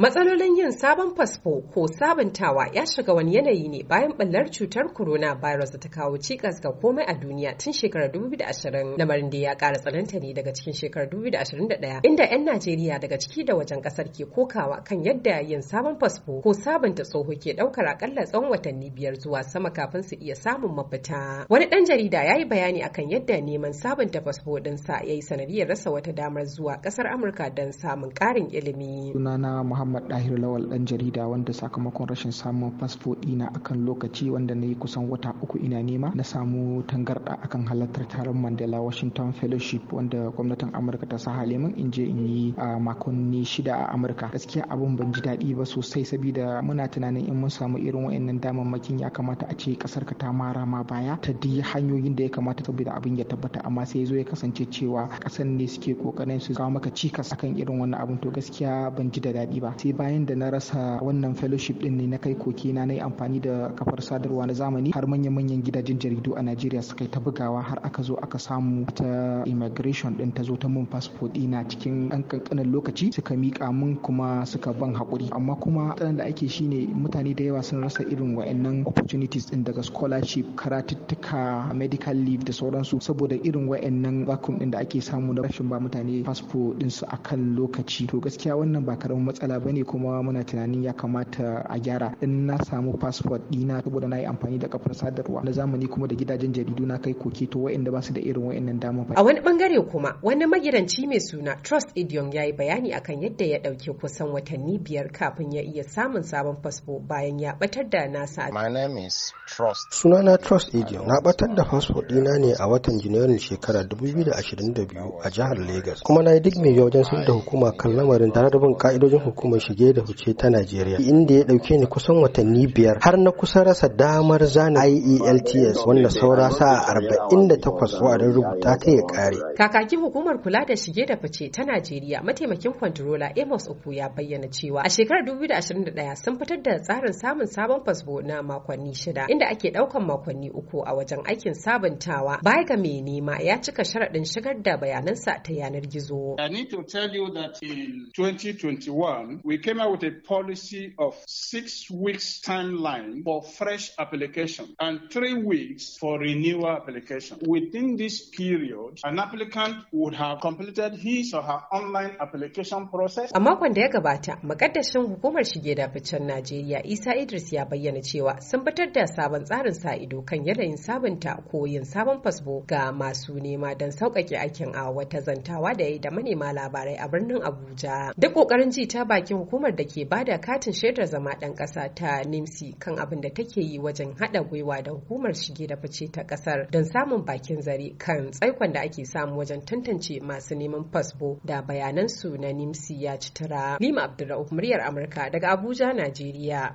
Matsalolin yin sabon fasfo ko sabuntawa ya shiga wani yanayi ne bayan ɓallar cutar corona virus da ta kawo cikas ga komai a duniya tun shekarar 2020. Lamarin da ya ƙara tsananta ne daga cikin shekarar 2021 inda 'yan Najeriya daga ciki da wajen ƙasar ke kokawa kan yadda yin sabon fasfo ko sabunta tsoho ke ɗaukar aƙalla tsawon watanni biyar zuwa sama kafin su iya samun mafita. Wani ɗan jarida ya yi bayani akan yadda neman sabunta fasfo ɗinsa ya yi sanadiyar rasa wata damar zuwa ƙasar Amurka don samun ƙarin ilimi. Sunana muhammad dahir lawal dan jarida wanda sakamakon rashin samun fasfo ɗina akan lokaci wanda na yi kusan wata uku ina nema na samu tangarɗa akan halartar taron mandela washington fellowship wanda gwamnatin amurka ta sa halimin in je in yi a makonni shida a amurka gaskiya abun ban ji daɗi ba sosai saboda muna tunanin in mun samu irin wa'annan makin, ya kamata a ce kasar ka ta mara ma baya ta di hanyoyin da ya kamata saboda abin ya tabbata amma sai zo ya kasance cewa kasan ne suke kokarin su kawo maka cikas akan irin wannan abun to gaskiya ban ji da daɗi ba sai bayan da na rasa wannan fellowship din ne na kai koke na na yi amfani da kafar sadarwa na zamani har manya-manyan gidajen jaridu a Najeriya suka yi ta bugawa har aka zo aka samu ta immigration din ta zo ta mun passport ɗina cikin ɗan kankanan lokaci suka mika mun kuma suka ban haƙuri amma kuma tsanan da ake shine mutane da yawa sun rasa irin wa'annan opportunities din daga scholarship karatuttuka medical leave da sauransu saboda irin wa'annan vacuum din da ake samu da rashin ba mutane passport din su akan lokaci to gaskiya wannan ba karamin matsala matsala bane kuma muna tunanin ya kamata a gyara in na samu passport dina saboda na yi amfani da kafar sadarwa na zamani kuma da gidajen jaridu na kai koke to waɗanda ba su da irin waɗannan dama A wani bangare kuma wani magidanci mai suna Trust Idion ya yi bayani akan yadda ya ɗauke kusan watanni biyar kafin ya iya samun sabon fasfo bayan ya batar da nasa. My name is Trust. Suna na Trust Idion. Na batar da fasfo dina ne a watan Janairun shekara 2022 a jihar Lagos. Kuma na yi duk mai wajen sun da hukuma kan lamarin tare da bin ka'idojin hukuma kuma shige da fice ta Najeriya inda ya dauke ni kusan watanni biyar har na kusa rasa damar zana IELTS wanda saura sa a arba'in da takwas wa'adin rubuta ta ya kare. Kakakin hukumar kula da shige da fice ta Najeriya mataimakin kwantarola Amos Oku ya bayyana cewa a shekarar 2021 sun fitar da tsarin samun sabon fasfo na makonni shida inda ake ɗaukan makonni uku a wajen aikin sabuntawa baya ga mai nema ya cika sharaɗin shigar da bayanansa ta yanar gizo. we came out with a policy of six weeks timeline for fresh application and three weeks for renewal application. Within this period, an applicant would have completed his or her online application process. A makon da ya gabata, makaddashin hukumar shige da ficen Najeriya Isa Idris ya bayyana cewa sun fitar da sabon tsarin sa ido kan yanayin sabunta ko yin sabon fasbo ga masu nema don sauƙaƙe aikin a wata zantawa da ya yi da manema labarai a birnin Abuja. Duk ƙoƙarin ji ta baki bakin hukumar da ke bada katin shaidar zama ɗan ƙasa ta nimsi kan abin da take yi wajen haɗa gwiwa da hukumar shige da fice ta ƙasar don samun bakin zare kan tsaikon da ake samu wajen tantance masu neman fasbo da bayanansu na nimsi ya ci tara. lima abdulrahman muryar amurka daga abuja najeriya